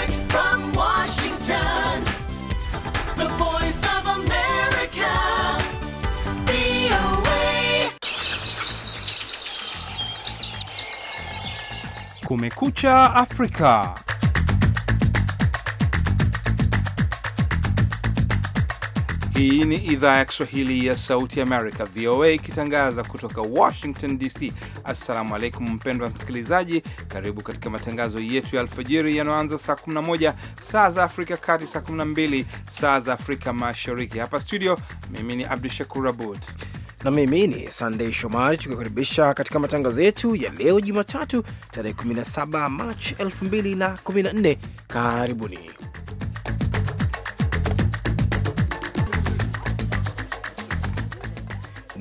Direct from Washington, the voice of America, VOA. Kumekucha Afrika. Hii ni idhaa ya Kiswahili ya Sauti Amerika, VOA, ikitangaza kutoka Washington DC. Assalamu alaikum mpendwa msikilizaji, karibu katika matangazo yetu ya alfajiri yanayoanza saa 11 saa za Afrika kati, saa 12 saa za Afrika Mashariki. Hapa studio, mimi ni Abdu Shakur Abud na mimi ni Sandei Shomari, tukikaribisha katika matangazo yetu ya leo Jumatatu tarehe 17 Machi 2014. Karibuni.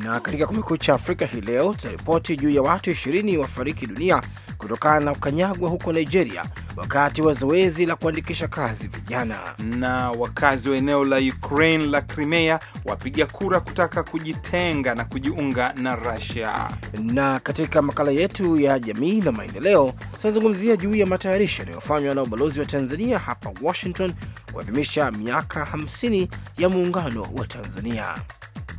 Na katika Kumekucha Afrika hii leo tutaripoti juu ya watu ishirini wafariki dunia kutokana na ukanyagwa huko Nigeria wakati wa zoezi la kuandikisha kazi vijana. Na wakazi wa eneo la Ukraine la Crimea wapiga kura kutaka kujitenga na kujiunga na Russia. Na katika makala yetu ya jamii na maendeleo tunazungumzia juu ya matayarisho yanayofanywa na ubalozi wa Tanzania hapa Washington kuadhimisha miaka 50 ya muungano wa Tanzania.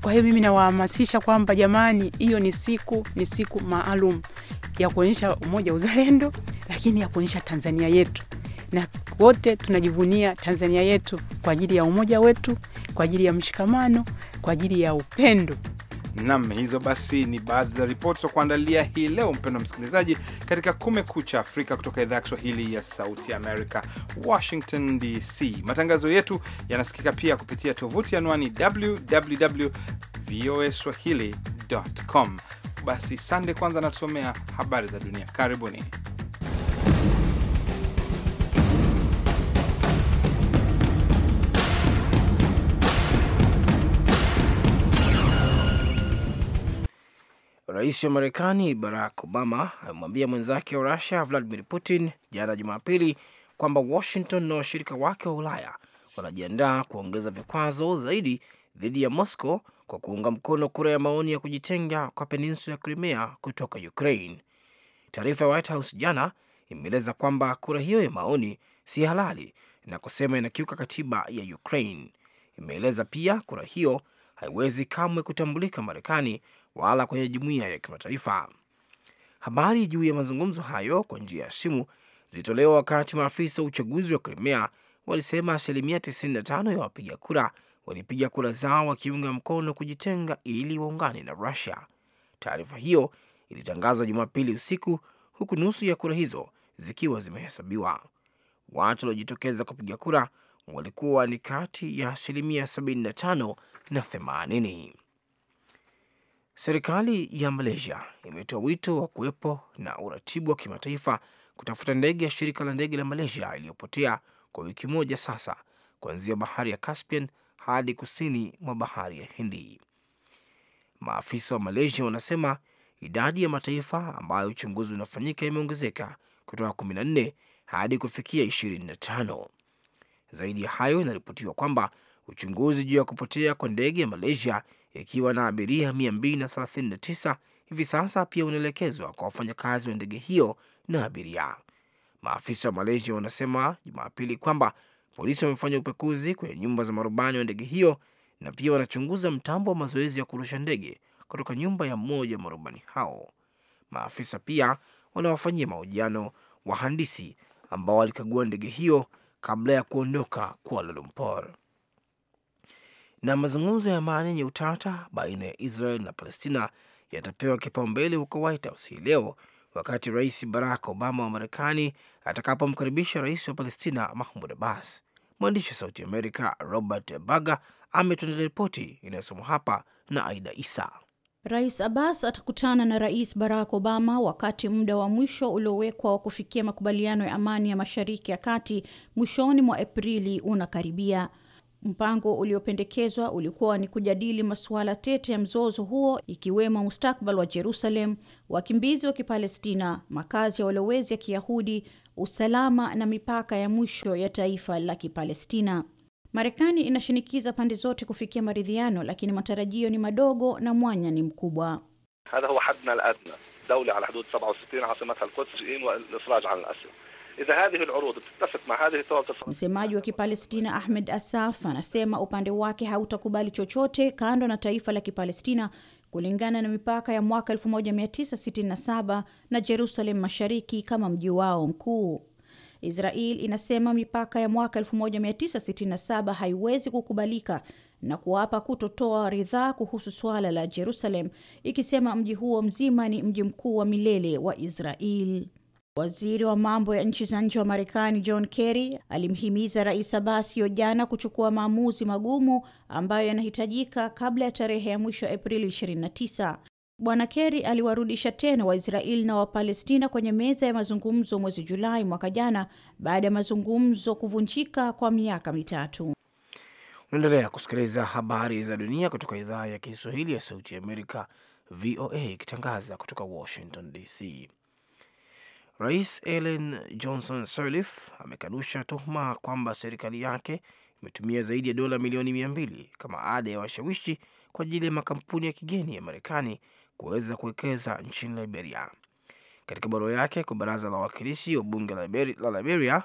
Kwa hiyo mimi nawahamasisha kwamba jamani, hiyo ni siku ni siku maalum ya kuonyesha umoja uzalendo, lakini ya kuonyesha Tanzania yetu, na wote tunajivunia Tanzania yetu kwa ajili ya umoja wetu, kwa ajili ya mshikamano, kwa ajili ya upendo. Nam, hizo basi ni baadhi za ripoti za kuandalia hii leo, mpendwa msikilizaji, katika Kumekucha Afrika kutoka idhaa ya Kiswahili ya Sauti Amerika, Washington DC. Matangazo yetu yanasikika pia kupitia tovuti anwani www voa swahili com. Basi Sande kwanza anatusomea habari za dunia. Karibuni. Rais wa Marekani Barack Obama amemwambia mwenzake wa Rusia Vladimir Putin jana Jumapili kwamba Washington na washirika wake wa Ulaya wanajiandaa kuongeza vikwazo zaidi dhidi ya Moscow kwa kuunga mkono kura ya maoni ya kujitenga kwa peninsula ya Crimea kutoka Ukraine. Taarifa ya White House jana imeeleza kwamba kura hiyo ya maoni si halali na kusema inakiuka katiba ya Ukraine. Imeeleza pia kura hiyo haiwezi kamwe kutambulika Marekani wala kwenye jumuiya ya kimataifa. Habari juu ya mazungumzo hayo kwa njia ya simu zilitolewa wakati maafisa wa uchaguzi wa krimea walisema asilimia 95 ya wapiga kura walipiga kura zao wakiunga mkono kujitenga ili waungane na Rusia. Taarifa hiyo ilitangazwa Jumapili usiku, huku nusu ya kura hizo zikiwa zimehesabiwa. Watu waliojitokeza kupiga kura walikuwa ni kati ya asilimia 75 na 80. Serikali ya Malaysia imetoa wito wa kuwepo na uratibu wa kimataifa kutafuta ndege ya shirika la ndege la Malaysia iliyopotea kwa wiki moja sasa, kuanzia bahari ya Caspian hadi kusini mwa bahari ya Hindi. Maafisa wa Malaysia wanasema idadi ya mataifa ambayo uchunguzi unafanyika imeongezeka kutoka 14 hadi kufikia 25. Zaidi ya hayo, inaripotiwa kwamba uchunguzi juu ya kupotea kwa ndege ya Malaysia ikiwa na abiria 239 hivi sasa pia unaelekezwa kwa wafanyakazi wa ndege hiyo na abiria. Maafisa wa Malaysia wanasema Jumapili kwamba polisi wamefanya upekuzi kwenye nyumba za marubani wa ndege hiyo na pia wanachunguza mtambo wa mazoezi ya kurusha ndege kutoka nyumba ya mmoja wa marubani hao. Maafisa pia wanawafanyia mahojiano wahandisi ambao walikagua ndege hiyo kabla ya kuondoka Kuala Lumpur na mazungumzo ya amani yenye utata baina ya Israel na Palestina yatapewa kipaumbele huko White House hii leo wakati Rais Barack Obama wa Marekani atakapomkaribisha rais wa Palestina Mahmud Abbas. Mwandishi wa Sauti Amerika Robert Baga ametuandalia ripoti inayosomwa hapa na Aida Isa. Rais Abbas atakutana na Rais Barack Obama wakati muda wa mwisho uliowekwa wa kufikia makubaliano ya amani ya Mashariki ya Kati mwishoni mwa Aprili unakaribia. Mpango uliopendekezwa ulikuwa ni kujadili masuala tete ya mzozo huo ikiwemo mustakbal wa Jerusalem, wakimbizi wa Kipalestina, makazi ya walowezi ya Kiyahudi, usalama na mipaka ya mwisho ya taifa la Kipalestina. Marekani inashinikiza pande zote kufikia maridhiano, lakini matarajio ni madogo na mwanya ni mkubwa. hadha huwa hadna al daula ala hudud 67 asimatha al-Quds wa Idha hadhihi alurud tattafiq ma hadhihi tawaffa. Msemaji wa Kipalestina Ahmed Asaf anasema upande wake hautakubali chochote kando na taifa la Kipalestina kulingana na mipaka ya mwaka 1967 na Jerusalem Mashariki kama mji wao mkuu. Israel inasema mipaka ya mwaka 1967 haiwezi kukubalika na kuwapa kutotoa ridhaa kuhusu swala la Jerusalem, ikisema mji huo mzima ni mji mkuu wa milele wa Israel. Waziri wa mambo ya nchi za nje wa Marekani John Kerry alimhimiza Rais hiyo jana kuchukua maamuzi magumu ambayo yanahitajika kabla ya tarehe ya mwisho ya Aprili 29. Bwana Kerry aliwarudisha tena Waisraeli na Wapalestina kwenye meza ya mazungumzo mwezi Julai mwaka jana baada ya mazungumzo kuvunjika kwa miaka mitatu. Unaendelea kusikiliza habari za dunia kutoka idhaa ya Kiswahili ya Sauti ya Amerika, VOA, ikitangaza kutoka Washington DC. Rais Ellen Johnson Sirleaf amekanusha tuhuma kwamba serikali yake imetumia zaidi ya dola milioni mia mbili kama ada ya washawishi kwa ajili ya makampuni ya kigeni ya Marekani kuweza kuwekeza nchini Liberia. Katika barua yake kwa baraza la wawakilishi wa bunge la Liberia,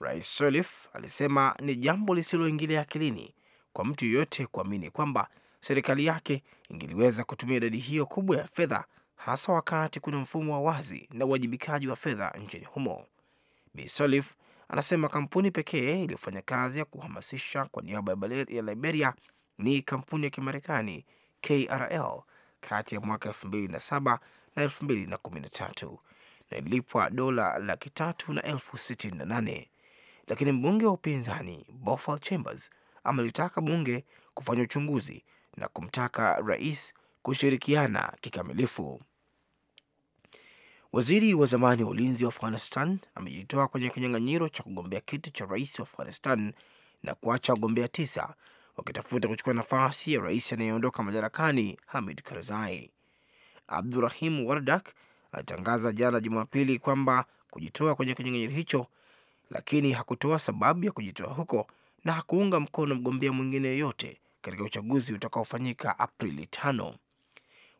Rais Sirleaf alisema ni jambo lisiloingilia akilini kwa mtu yeyote kuamini kwamba serikali yake ingeliweza kutumia idadi hiyo kubwa ya fedha hasa wakati kuna mfumo wa wazi na uwajibikaji wa fedha nchini humo. Bi Solif anasema kampuni pekee iliyofanya kazi ya kuhamasisha kwa niaba ya Liberia ni kampuni ya Kimarekani KRL kati ya mwaka 2007 na 2013 na ililipwa dola laki tatu na elfu sitini na nane lakini mbunge wa upinzani Bofal Chambers amelitaka bunge kufanya uchunguzi na kumtaka rais kushirikiana kikamilifu. Waziri wa zamani wa ulinzi wa Afghanistan amejitoa kwenye kinyang'anyiro cha kugombea kiti cha rais wa Afghanistan na kuacha wagombea tisa wakitafuta kuchukua nafasi ya rais anayeondoka madarakani Hamid Karzai. Abdurahim Wardak alitangaza jana Jumapili kwamba kujitoa kwenye kinyang'anyiro hicho, lakini hakutoa sababu ya kujitoa huko na hakuunga mkono mgombea mwingine yoyote katika uchaguzi utakaofanyika Aprili tano.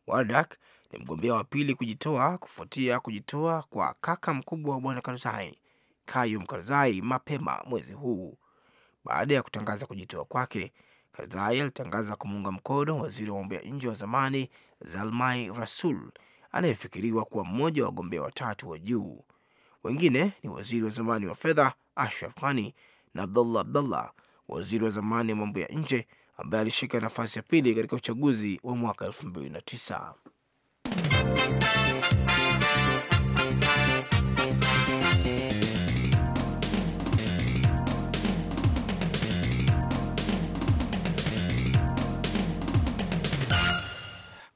Wardak ni mgombea wa pili kujitoa kufuatia kujitoa kwa kaka mkubwa wa bwana Karzai, Kayum Karzai, mapema mwezi huu. Baada ya kutangaza kujitoa kwake, Karzai alitangaza kumuunga mkono waziri wa mambo ya nje wa zamani Zalmai Rasul anayefikiriwa kuwa mmoja wa wagombea watatu wa juu. Wengine ni waziri wa zamani wa fedha Ashraf Ghani na Abdullah Abdullah, waziri wa zamani wa mambo ya nje ambaye alishika nafasi ya pili katika uchaguzi wa mwaka elu29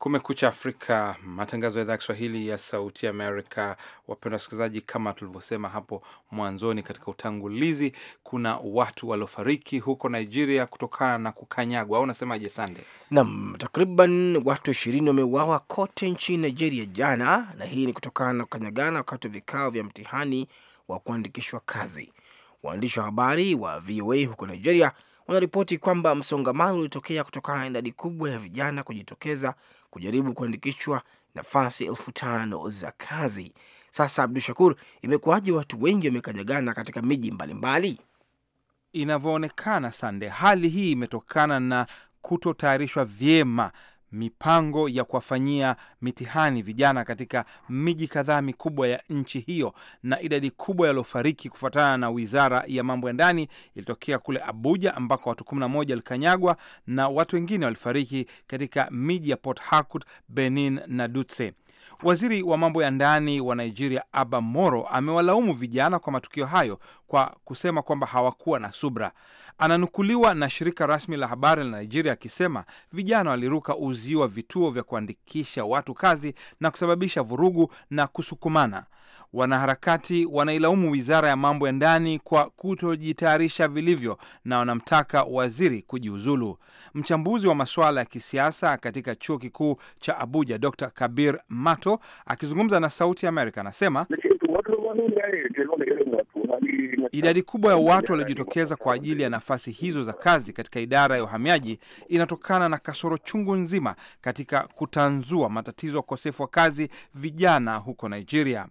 Kumekucha Afrika, matangazo ya idhaa ya Kiswahili ya Sauti Amerika. Wapendwa wasikilizaji, kama tulivyosema hapo mwanzoni katika utangulizi, kuna watu waliofariki huko Nigeria kutokana na kukanyagwa, au unasemaje Sande? Naam, takriban watu ishirini wameuawa kote nchini Nigeria jana, na hii ni kutokana na kukanyagana wakati wa vikao vya mtihani wa kuandikishwa kazi. Waandishi wa habari wa VOA huko Nigeria wanaripoti kwamba msongamano ulitokea kutokana na idadi kubwa ya vijana kujitokeza kujaribu kuandikishwa nafasi elfu tano za kazi. Sasa Abdu Shakur, imekuwaje watu wengi wamekanyagana katika miji mbalimbali? Inavyoonekana, Sande, hali hii imetokana na kutotayarishwa vyema mipango ya kuwafanyia mitihani vijana katika miji kadhaa mikubwa ya nchi hiyo, na idadi kubwa yaliofariki kufuatana na wizara ya mambo ya ndani ilitokea kule Abuja ambako watu 11 walikanyagwa na watu wengine walifariki katika miji ya Port Harcourt, Benin na Dutse. Waziri wa mambo ya ndani wa Nigeria Abba Moro amewalaumu vijana kwa matukio hayo kwa kusema kwamba hawakuwa na subra. Ananukuliwa na shirika rasmi la habari la Nigeria akisema vijana waliruka uzio wa vituo vya kuandikisha watu kazi na kusababisha vurugu na kusukumana. Wanaharakati wanailaumu wizara ya mambo ya ndani kwa kutojitayarisha vilivyo na wanamtaka waziri kujiuzulu. Mchambuzi wa masuala ya kisiasa katika chuo kikuu cha Abuja, Dr Kabir Mato akizungumza na Sauti Amerika anasema Idadi kubwa ya watu waliojitokeza kwa ajili ya nafasi hizo za kazi katika idara ya uhamiaji inatokana na kasoro chungu nzima katika kutanzua matatizo ya ukosefu wa kazi vijana huko Nigeria.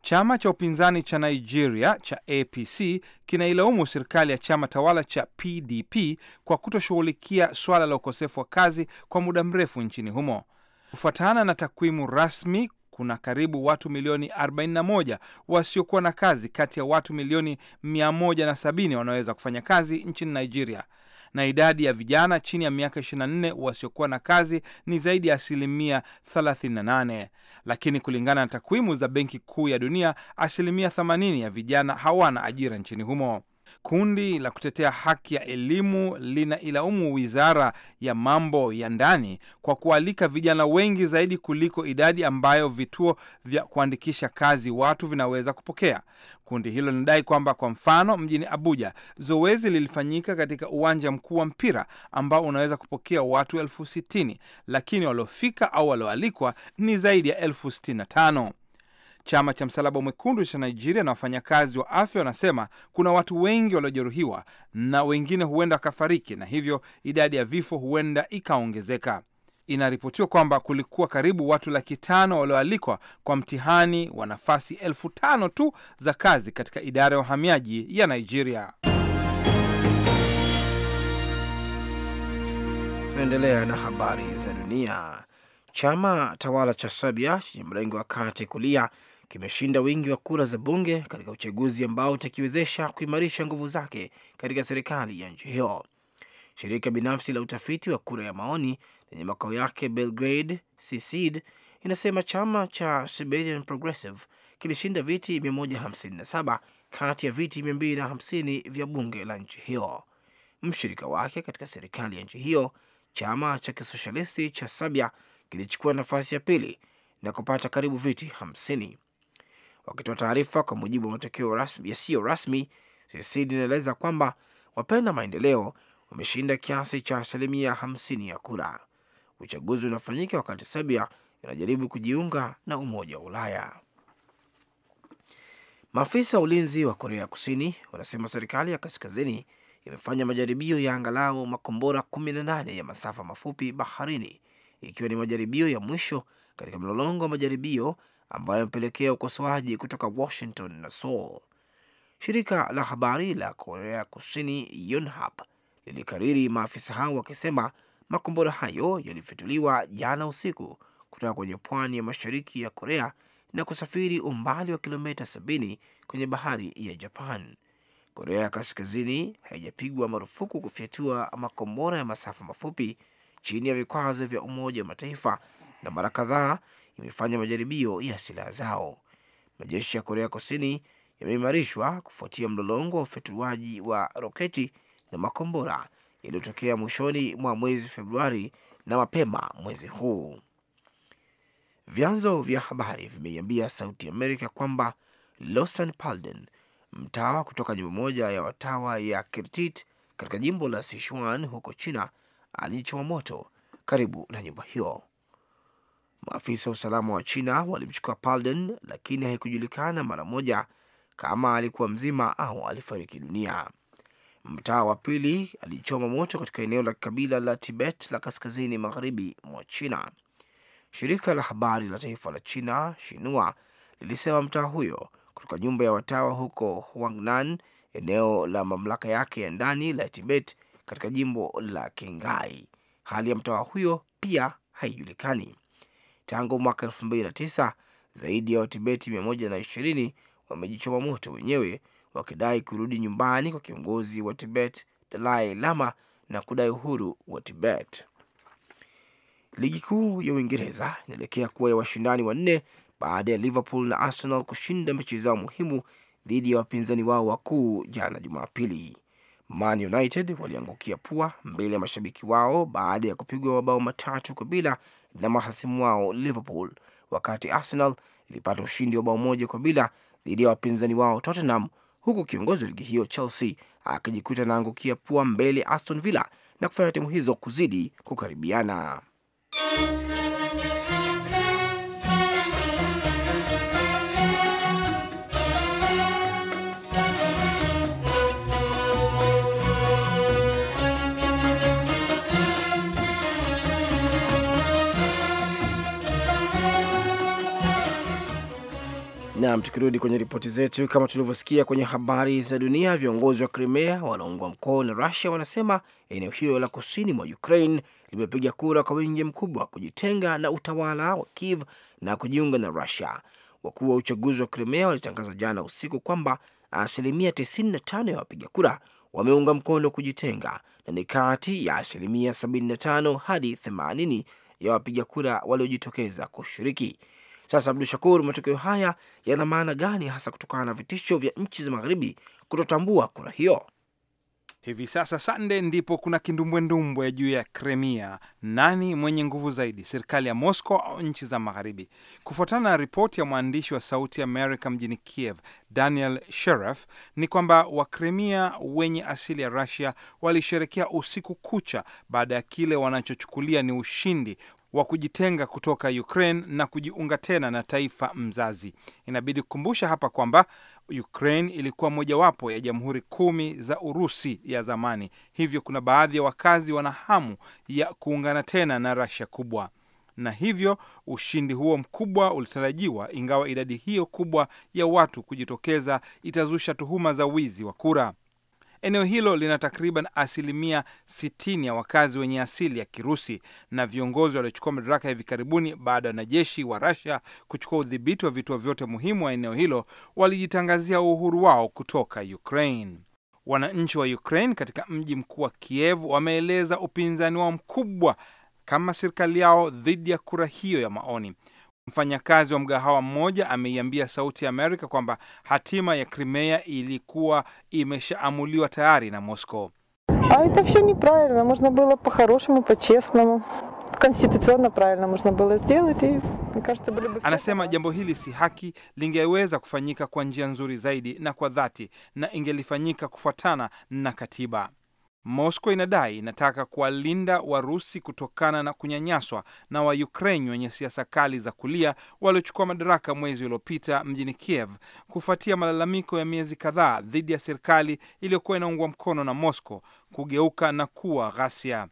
Chama cha upinzani cha Nigeria cha APC kinailaumu serikali ya chama tawala cha PDP kwa kutoshughulikia suala la ukosefu wa kazi kwa muda mrefu nchini humo. Kufuatana na takwimu rasmi kuna karibu watu milioni 41 wasiokuwa na kazi kati ya watu milioni 170 wanaoweza kufanya kazi nchini Nigeria, na idadi ya vijana chini ya miaka 24 wasiokuwa na kazi ni zaidi ya asilimia 38. Lakini kulingana na takwimu za Benki Kuu ya Dunia, asilimia 80 ya vijana hawana ajira nchini humo. Kundi la kutetea haki ya elimu linailaumu wizara ya mambo ya ndani kwa kualika vijana wengi zaidi kuliko idadi ambayo vituo vya kuandikisha kazi watu vinaweza kupokea. Kundi hilo linadai kwamba, kwa mfano, mjini Abuja zoezi lilifanyika katika uwanja mkuu wa mpira ambao unaweza kupokea watu elfu sitini lakini waliofika au walioalikwa ni zaidi ya elfu sitini na tano. Chama cha Msalaba Mwekundu cha Nigeria na wafanyakazi wa afya wanasema kuna watu wengi waliojeruhiwa na wengine huenda wakafariki, na hivyo idadi ya vifo huenda ikaongezeka. Inaripotiwa kwamba kulikuwa karibu watu laki tano walioalikwa kwa mtihani wa nafasi elfu tano tu za kazi katika idara ya uhamiaji ya Nigeria. Tunaendelea na habari za dunia. Chama tawala cha Serbia chenye mrengo wa kati kulia kimeshinda wingi wa kura za bunge katika uchaguzi ambao utakiwezesha kuimarisha nguvu zake katika serikali ya nchi hiyo. Shirika binafsi la utafiti wa kura ya maoni lenye makao yake Belgrade, CSID, inasema chama cha Siberian Progressive kilishinda viti 157 kati ya viti 250 vya bunge la nchi hiyo. Mshirika wake katika serikali ya nchi hiyo, chama cha kisoshalisti cha Sabia, kilichukua nafasi ya pili na kupata karibu viti 50. Wakitoa taarifa kwa mujibu wa matokeo yasiyo rasmi, CCD inaeleza kwamba wapenda maendeleo wameshinda kiasi cha asilimia hamsini ya kura. Uchaguzi unafanyika wakati Serbia inajaribu kujiunga na Umoja wa Ulaya. Maafisa wa ulinzi wa Korea Kusini wanasema serikali ya kaskazini imefanya majaribio ya angalau makombora 18 ya masafa mafupi baharini, ikiwa ni majaribio ya mwisho katika mlolongo wa majaribio ambayo imepelekea ukosoaji kutoka Washington na Seoul. Shirika la habari la Korea Kusini Yonhap lilikariri maafisa hao wakisema makombora hayo yalifituliwa jana usiku kutoka kwenye pwani ya mashariki ya Korea na kusafiri umbali wa kilomita 70 kwenye bahari ya Japan. Korea ya Kaskazini haijapigwa marufuku kufyatua makombora ya masafa mafupi chini ya vikwazo vya Umoja wa Mataifa, na mara kadhaa imefanya majaribio ya silaha zao. Majeshi ya Korea Kusini yameimarishwa kufuatia mlolongo wa ufyatuaji wa roketi na makombora yaliyotokea mwishoni mwa mwezi Februari na mapema mwezi huu. Vyanzo vya habari vimeiambia Sauti Amerika kwamba Losan Palden, mtawa kutoka nyumba moja ya watawa ya Kirtit katika jimbo la Sichuan huko China, alijichoma moto karibu na nyumba hiyo. Maafisa wa usalama wa China walimchukua Palden, lakini haikujulikana mara moja kama alikuwa mzima au alifariki dunia. Mtaa wa pili alichoma moto katika eneo la kabila la Tibet la kaskazini magharibi mwa China. Shirika la habari la taifa la China Shinua lilisema mtaa huyo kutoka nyumba ya watawa huko Huangnan, eneo la mamlaka yake ya ndani la Tibet katika jimbo la kingai Hali ya mtawa huyo pia haijulikani. Tangu mwaka tisa zaidi ya Watibeti ishirini wamejichoma moto wenyewe wakidai kurudi nyumbani kwa kiongozi wa Tibet Dalai Lama na kudai uhuru wa Tibet. Ligi kuu ya Uingereza inaelekea kuwa ya washindani wanne baada ya Liverpool na Arsenal kushinda mechi zao muhimu dhidi ya wapinzani wao wakuu jana Jumapili. Man United waliangukia pua mbele ya mashabiki wao baada ya kupigwa mabao matatu kwa bila na mahasimu wao Liverpool, wakati Arsenal ilipata ushindi wa bao moja kwa bila dhidi ya wapinzani wao Tottenham, huku kiongozi wa ligi hiyo Chelsea akijikuta anaangukia pua mbele Aston Villa na kufanya timu hizo kuzidi kukaribiana. Naam, tukirudi kwenye ripoti zetu, kama tulivyosikia kwenye habari za dunia, viongozi wa krimea wanaungwa mkono na Rusia wanasema eneo hilo la kusini mwa Ukraine limepiga kura kwa wingi mkubwa kujitenga na utawala wa Kiev na kujiunga na Rusia. Wakuu wa uchaguzi wa krimea walitangaza jana usiku kwamba asilimia 95 ya wapiga kura wameunga mkono kujitenga na ni kati ya asilimia 75 hadi 80 ya wapiga kura waliojitokeza kushiriki. Sasa Abdu Shakur, matokeo haya yana maana gani hasa kutokana na vitisho vya nchi za magharibi kutotambua kura hiyo? Hivi sasa Sande, ndipo kuna kindumbwendumbwe juu ya Kremia, nani mwenye nguvu zaidi, serikali ya Moscow au nchi za magharibi? Kufuatana na ripoti ya mwandishi wa Sauti America Amerika mjini Kiev, Daniel Sheref, ni kwamba Wakremia wenye asili ya Rusia walisherekea usiku kucha baada ya kile wanachochukulia ni ushindi wa kujitenga kutoka Ukraine na kujiunga tena na taifa mzazi. Inabidi kukumbusha hapa kwamba Ukraine ilikuwa mojawapo ya jamhuri kumi za Urusi ya zamani, hivyo kuna baadhi ya wakazi wana hamu ya kuungana tena na Russia kubwa na hivyo ushindi huo mkubwa ulitarajiwa, ingawa idadi hiyo kubwa ya watu kujitokeza itazusha tuhuma za wizi wa kura. Eneo hilo lina takriban asilimia 60 ya wakazi wenye asili ya Kirusi, na viongozi waliochukua madaraka hivi karibuni baada ya wanajeshi wa Russia kuchukua udhibiti wa vituo vyote muhimu wa eneo hilo walijitangazia uhuru wao kutoka Ukraine. Wananchi wa Ukraine katika mji mkuu wa Kiev wameeleza upinzani wao mkubwa kama serikali yao dhidi ya kura hiyo ya maoni. Mfanyakazi wa mgahawa mmoja ameiambia Sauti ya Amerika kwamba hatima ya krimea ilikuwa imeshaamuliwa tayari na Moscow. Anasema jambo hili si haki, lingeweza kufanyika kwa njia nzuri zaidi na kwa dhati, na ingelifanyika kufuatana na katiba. Moscow inadai inataka kuwalinda Warusi kutokana na kunyanyaswa na waukrain wenye siasa kali za kulia waliochukua madaraka mwezi uliopita mjini Kiev kufuatia malalamiko ya miezi kadhaa dhidi ya serikali iliyokuwa inaungwa mkono na Moscow kugeuka na kuwa ghasia.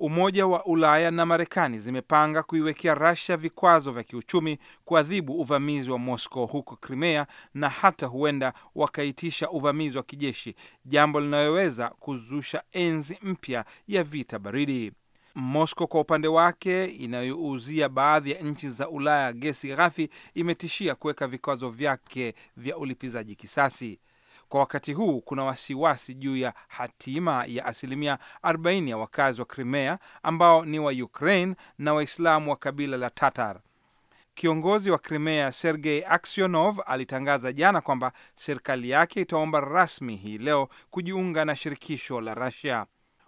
Umoja wa Ulaya na Marekani zimepanga kuiwekea Russia vikwazo vya kiuchumi kuadhibu uvamizi wa Moscow huko Crimea na hata huenda wakaitisha uvamizi wa kijeshi, jambo linaloweza kuzusha enzi mpya ya vita baridi. Moscow kwa upande wake, inayouzia baadhi ya nchi za Ulaya gesi ghafi, imetishia kuweka vikwazo vyake vya ulipizaji kisasi. Kwa wakati huu kuna wasiwasi juu ya hatima ya asilimia 40 ya wakazi wa Crimea ambao ni wa Ukraine na Waislamu wa kabila la Tatar. Kiongozi wa Crimea Sergei Aksionov alitangaza jana kwamba serikali yake itaomba rasmi hii leo kujiunga na shirikisho la rasia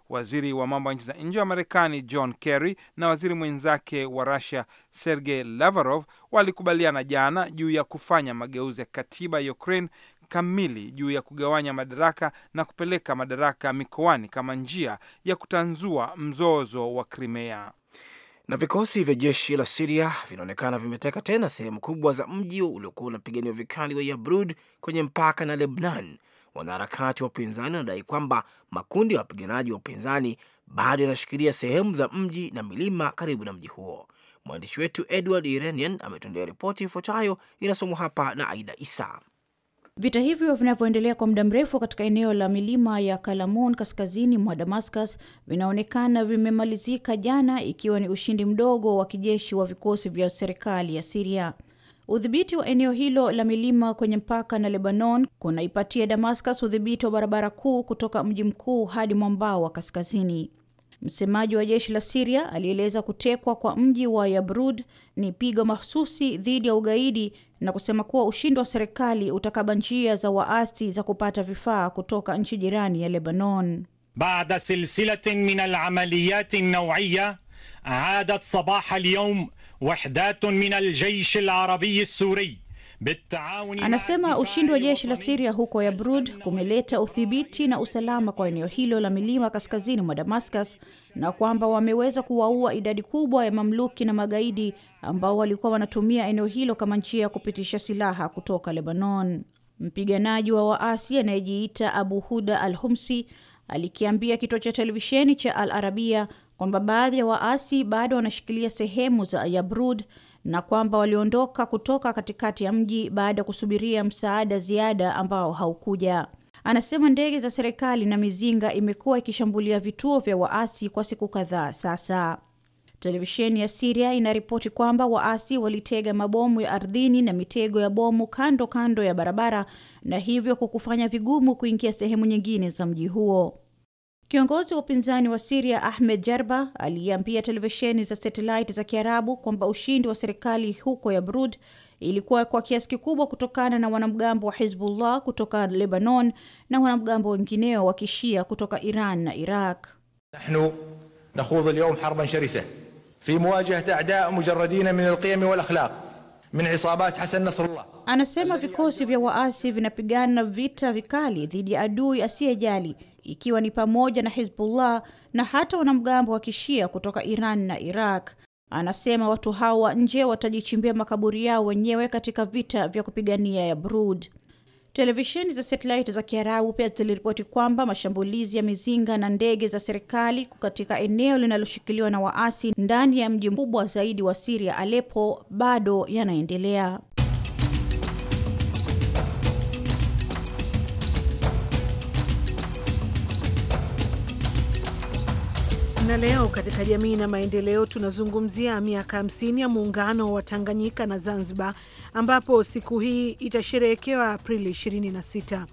Waziri wa mambo ya nchi za nje wa Marekani John Kerry na waziri mwenzake wa Rusia Sergei Lavarov walikubaliana jana juu ya kufanya mageuzi ya katiba ya Ukraine kamili juu ya kugawanya madaraka na kupeleka madaraka mikoani kama njia ya kutanzua mzozo wa krimea Na vikosi vya jeshi la Siria vinaonekana vimeteka tena sehemu kubwa za mji uliokuwa unapiganiwa vikali wa Yabrud kwenye mpaka na Lebnan. Wanaharakati wa upinzani wanadai kwamba makundi ya wapiganaji wa upinzani bado yanashikilia sehemu za mji na milima karibu na mji huo. Mwandishi wetu Edward irenian ametendea ripoti ifuatayo, inasomwa hapa na Aida Isa. Vita hivyo vinavyoendelea kwa muda mrefu katika eneo la milima ya Kalamun kaskazini mwa Damascus vinaonekana vimemalizika jana, ikiwa ni ushindi mdogo wa kijeshi wa vikosi vya serikali ya Siria. Udhibiti wa eneo hilo la milima kwenye mpaka na Lebanon kunaipatia Damascus udhibiti wa barabara kuu kutoka mji mkuu hadi mwambao wa kaskazini. Msemaji wa jeshi la Siria alieleza kutekwa kwa mji wa Yabrud ni pigo mahususi dhidi ya ugaidi na kusema kuwa ushindi wa serikali utakaba njia za waasi za kupata vifaa kutoka nchi jirani ya Lebanon. baada silsila min alamaliyati nawiya aadat sabah alyawm wahdat min aljeish alarabiy alsuri Anasema ushindi wa jeshi la Siria huko Yabrud kumeleta udhibiti na usalama kwa eneo hilo la milima kaskazini mwa Damascus na kwamba wameweza kuwaua idadi kubwa ya mamluki na magaidi ambao walikuwa wanatumia eneo hilo kama njia ya kupitisha silaha kutoka Lebanon. Mpiganaji wa waasi anayejiita Abu Huda al Humsi alikiambia kituo cha televisheni cha Al Arabia kwamba baadhi ya waasi bado wanashikilia sehemu za Yabrud na kwamba waliondoka kutoka katikati ya mji baada ya kusubiria msaada ziada ambao haukuja. Anasema ndege za serikali na mizinga imekuwa ikishambulia vituo vya waasi kwa siku kadhaa sasa. Televisheni ya Siria inaripoti kwamba waasi walitega mabomu ya ardhini na mitego ya bomu kando kando ya barabara na hivyo kukufanya vigumu kuingia sehemu nyingine za mji huo. Kiongozi wa upinzani wa Siria Ahmed Jarba aliambia televisheni za satelaiti za Kiarabu kwamba ushindi wa serikali huko Yabrud ilikuwa kwa kiasi kikubwa kutokana na wanamgambo wa Hizbullah kutoka Lebanon na wanamgambo wengineo wa Kishia kutoka Iran na Iraq. nahnu nakhudhu alyawm harban sharisa fi muwajahat a'da mujarradin min alqiyam wal akhlaq min isabat Hasan Nasrullah. Anasema vikosi vya waasi vinapigana vita vikali dhidi ya adui asiyejali ikiwa ni pamoja na Hizbullah na hata wanamgambo wa kishia kutoka Iran na Iraq. Anasema watu hawa nje watajichimbia makaburi yao wenyewe katika vita vya kupigania ya Brud. Televisheni za satelaiti za Kiarabu pia ziliripoti kwamba mashambulizi ya mizinga na ndege za serikali katika eneo linaloshikiliwa na waasi ndani ya mji mkubwa zaidi wa Siria, Aleppo, bado yanaendelea. na leo katika jamii na maendeleo tunazungumzia miaka 50 ya muungano wa Tanganyika na Zanzibar, ambapo siku hii itasherehekewa Aprili 26.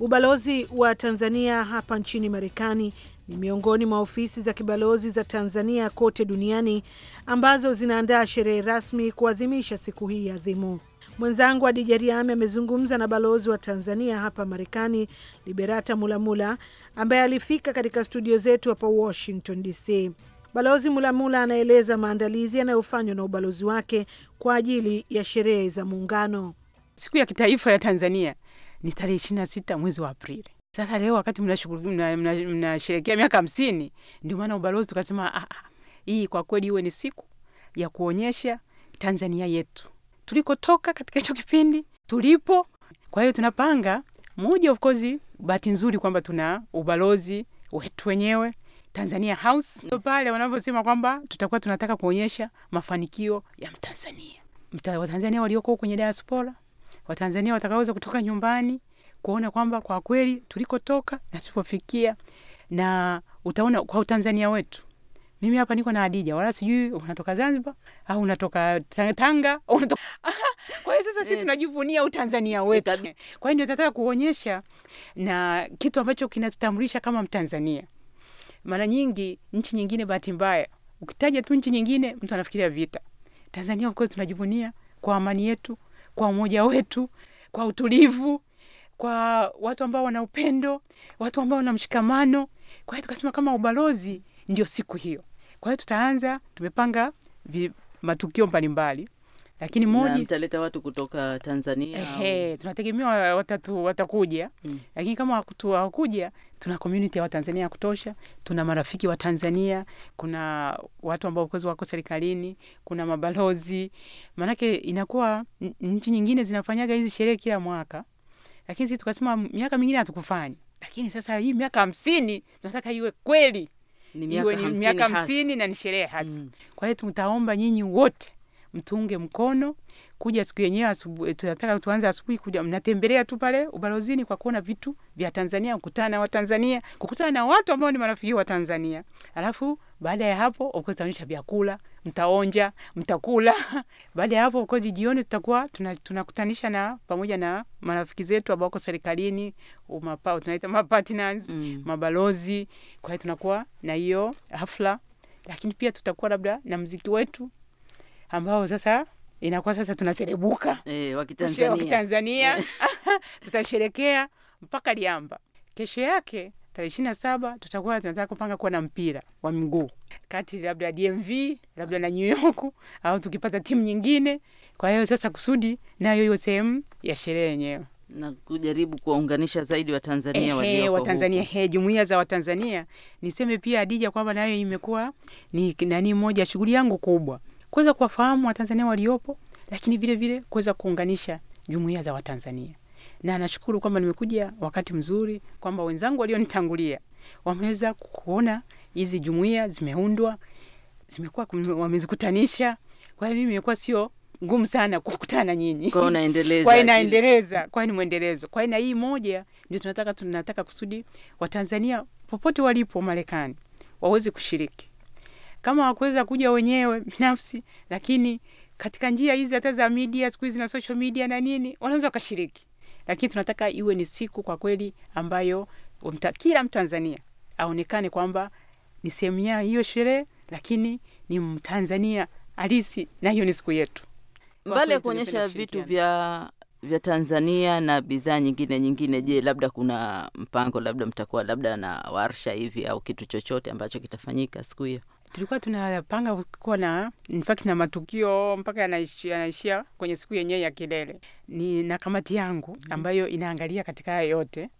Ubalozi wa Tanzania hapa nchini Marekani ni miongoni mwa ofisi za kibalozi za Tanzania kote duniani ambazo zinaandaa sherehe rasmi kuadhimisha siku hii adhimu. Mwenzangu Adija Riami amezungumza na balozi wa Tanzania hapa Marekani, Liberata Mulamula, ambaye alifika katika studio zetu hapa Washington DC. Balozi Mulamula anaeleza maandalizi yanayofanywa na ubalozi wake kwa ajili ya sherehe za Muungano. Siku ya kitaifa ya Tanzania ni tarehe ishirini na sita mwezi wa Aprili. Sasa leo wakati mnasherekea mna, mna, mna miaka hamsini, ndio maana ubalozi tukasema ah, ah, hii kwa kweli iwe ni siku ya kuonyesha Tanzania yetu tulikotoka katika hicho kipindi tulipo. Kwa hiyo tunapanga moja, of course bahati nzuri kwamba tuna ubalozi wetu wenyewe Tanzania House yes. Pale wanavyosema kwamba tutakuwa tunataka kuonyesha mafanikio ya Mtanzania, Watanzania walioko kwenye diaspora, Watanzania watakaweza kutoka nyumbani kuona kwamba kwa kweli tulikotoka na tulipofikia, na utaona kwa utanzania wetu mimi hapa niko na Adija, wala sijui unatoka Zanzibar au unatoka Tanga au unatoka kwa hiyo sasa sisi eh. tunajivunia utanzania wetu. Kwa hiyo nataka kuonyesha na kitu ambacho kinatutambulisha kama Mtanzania. Mara nyingi nchi nyingine, bahati mbaya, ukitaja tu nchi nyingine mtu anafikiria vita. Tanzania kweli tunajivunia kwa amani yetu, kwa umoja wetu, kwa utulivu, kwa watu ambao wana upendo, watu ambao wana mshikamano. Kwa hiyo tukasema kama ubalozi ndio siku hiyo kwa hiyo tutaanza, tumepanga vi, matukio mbalimbali lakini moja mtaleta watu kutoka Tanzania ehe, tunategemea watatu watakuja mm. Lakini kama hawakuja, tuna komuniti ya Watanzania ya kutosha, tuna marafiki wa Tanzania, kuna watu ambao kwezi wako serikalini, kuna mabalozi. Maanake inakuwa nchi nyingine zinafanyaga hizi sherehe kila mwaka, lakini sisi tukasema miaka mingine hatukufanya, lakini sasa hii miaka hamsini tunataka iwe kweli iwe ni miaka hamsini na ni sherehe hasa. Mm. Kwa hiyo tutaomba nyinyi wote mtunge mkono kuja siku yenyewe asubuhi, eh, tunataka tuanze asubuhi kuja, mnatembelea tu pale ubalozini kwa kuona vitu vya Tanzania, kukutana na Watanzania, kukutana na watu ambao ni marafiki wa Tanzania. Alafu baada ya hapo of course tutaonyesha vyakula, mtaonja, mtakula. baada ya hapo of jioni tutakuwa tunakutanisha tuna na pamoja na marafiki zetu ambao wako serikalini, umapa tunaita mapartners, mm. mabalozi. Kwa hiyo tunakuwa na hiyo hafla, lakini pia tutakuwa labda na mziki wetu ambao sasa inakuwa sasa tunaserebuka e, eh, wakitanzania Wakitanzania eh. tutasherekea mpaka liamba. Kesho yake tarehe ishirini na saba tutakuwa tunataka kupanga kuwa na mpira wa mguu kati labda DMV labda na New York au tukipata timu nyingine. Kwa hiyo sasa kusudi nayo hiyo sehemu ya sherehe yenyewe na kujaribu kuwaunganisha zaidi Watanzania walioko Watanzania he jumuia za Watanzania. Niseme pia Adija kwamba nayo imekuwa ni nani moja shughuli yangu kubwa kuweza kuwafahamu Watanzania waliopo, lakini vile vile kuweza kuunganisha jumuiya za Watanzania, na nashukuru kwamba nimekuja wakati mzuri, kwamba wenzangu walionitangulia wameweza kuona hizi jumuiya zimeundwa, zimekuwa wamezikutanisha. Kwa hiyo mimi imekuwa sio ngumu sana kukutana nyinyi, kwa inaendeleza, kwa ni mwendelezo. Kwa hiyo na hii moja ndio tunataka tunataka kusudi Watanzania popote walipo Marekani waweze kushiriki kama wakuweza kuja wenyewe binafsi, lakini katika njia hizi hata za media siku hizi na social media na nini, wanaweza wakashiriki. Lakini tunataka iwe ni siku kwa kweli ambayo umta, kila Mtanzania aonekane kwamba ni sehemu ya hiyo sherehe, lakini ni Mtanzania halisi, na hiyo ni siku yetu. Mbali ya kuonyesha vitu vya vya Tanzania na bidhaa nyingine nyingine, je, labda kuna mpango, labda mtakuwa labda na warsha hivi au kitu chochote ambacho kitafanyika siku hiyo? tulikuwa tunapanga kuwa na in na matukio mpaka yanaishia, kwenye siku yenyewe ya kilele. Ni na kamati yangu mm. ambayo inaangalia katika haya yote.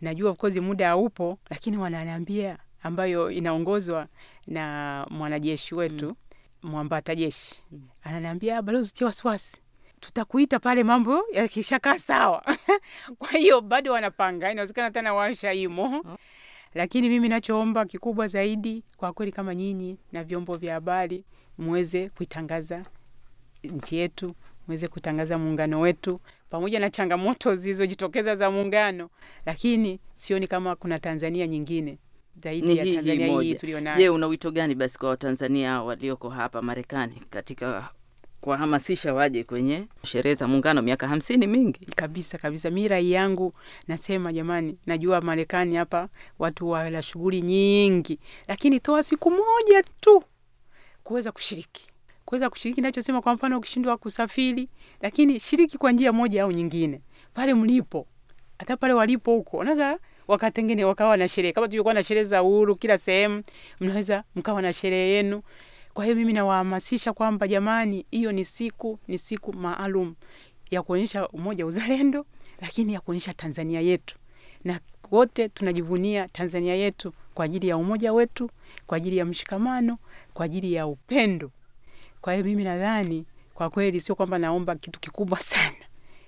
Najua ofkozi muda haupo, lakini wananiambia ambayo inaongozwa na mwanajeshi wetu mm. mwambata jeshi mm. ananiambia balozi, tia wasiwasi tutakuita pale mambo yakishakaa sawa. Kwa hiyo bado wanapanga, inawezekana tena washa imo oh. Mm. Lakini mimi nachoomba kikubwa zaidi kwa kweli, kama nyinyi na vyombo vya habari mweze kuitangaza nchi yetu, mweze kutangaza muungano wetu, pamoja na changamoto zilizojitokeza za muungano, lakini sioni kama kuna Tanzania nyingine zaidi ya Tanzania hii Je, una wito gani basi kwa Watanzania walioko hapa Marekani katika kuwahamasisha waje kwenye sherehe za Muungano miaka hamsini mingi kabisa kabisa. Mi rai yangu nasema, jamani, najua Marekani hapa watu wana shughuli nyingi, lakini toa siku moja tu kuweza kushiriki kuweza kushiriki. Nachosema kwa mfano, ukishindwa kusafiri, lakini shiriki kwa njia moja au nyingine pale mlipo, hata pale walipo huko, unaweza wakatengene wakawa na sherehe. Kama tulikuwa na sherehe za uhuru kila sehemu, mnaweza mkawa na sherehe yenu kwa hiyo mimi nawahamasisha kwamba jamani, hiyo ni siku ni siku maalum ya kuonyesha umoja wa uzalendo, lakini ya kuonyesha Tanzania yetu, na wote tunajivunia Tanzania yetu kwa ajili ya umoja wetu, kwa ajili ya mshikamano, kwa ajili ya upendo. Kwa hiyo mimi nadhani kwa kweli, sio kwamba naomba kitu kikubwa sana,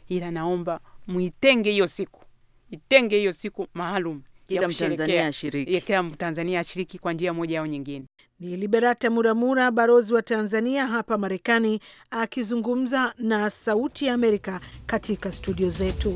ila naomba muitenge hiyo siku, itenge hiyo siku maalum kila Mtanzania ashiriki, kila Mtanzania ashiriki kwa njia moja au nyingine. Ni Liberata Muramura, balozi wa Tanzania hapa Marekani, akizungumza na Sauti ya Amerika katika studio zetu.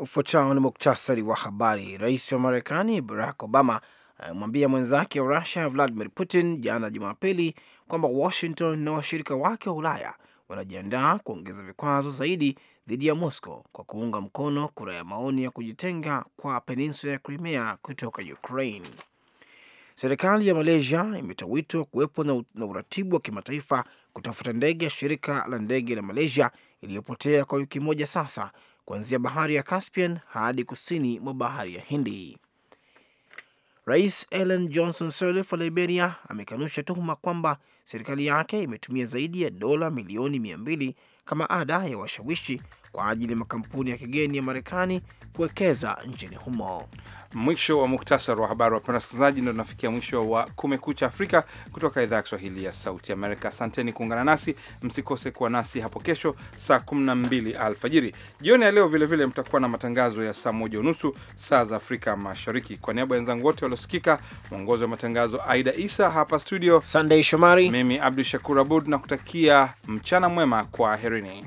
Ufuatao ni muktasari wa habari. Rais wa Marekani Barack Obama amemwambia mwenzake wa Rusia Vladimir Putin jana Jumapili kwamba Washington na washirika wake wa Ulaya wanajiandaa kuongeza vikwazo zaidi dhidi ya Moscow kwa kuunga mkono kura ya maoni ya kujitenga kwa peninsula ya Crimea kutoka Ukraine. Serikali ya Malaysia imetoa wito kuwepo na uratibu wa kimataifa kutafuta ndege ya shirika la ndege la Malaysia iliyopotea kwa wiki moja sasa kuanzia bahari ya Caspian hadi kusini mwa bahari ya Hindi. Rais Ellen Johnson Sirleaf wa Liberia amekanusha tuhuma kwamba serikali yake imetumia zaidi ya dola milioni mia mbili kama ada ya washawishi kwa ajili ya makampuni ya kigeni ya Marekani kuwekeza nchini humo. Mwisho wa muktasari wa habari. Wapenda wasikilizaji, ndo tunafikia mwisho wa Kumekucha Afrika kutoka idhaa ya Kiswahili ya Sauti Amerika. Asanteni kuungana nasi, msikose kuwa nasi hapo kesho saa 12 alfajiri. Jioni ya leo vilevile mtakuwa na matangazo ya saa moja unusu saa za Afrika Mashariki. Kwa niaba ya wenzangu wote waliosikika, mwongozi wa matangazo Aida Isa hapa studio, Sandei Shomari, mimi Abdu Shakur Abud na kutakia mchana mwema, kwa herini.